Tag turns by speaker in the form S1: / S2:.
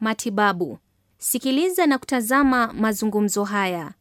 S1: Matibabu. Sikiliza na kutazama mazungumzo haya.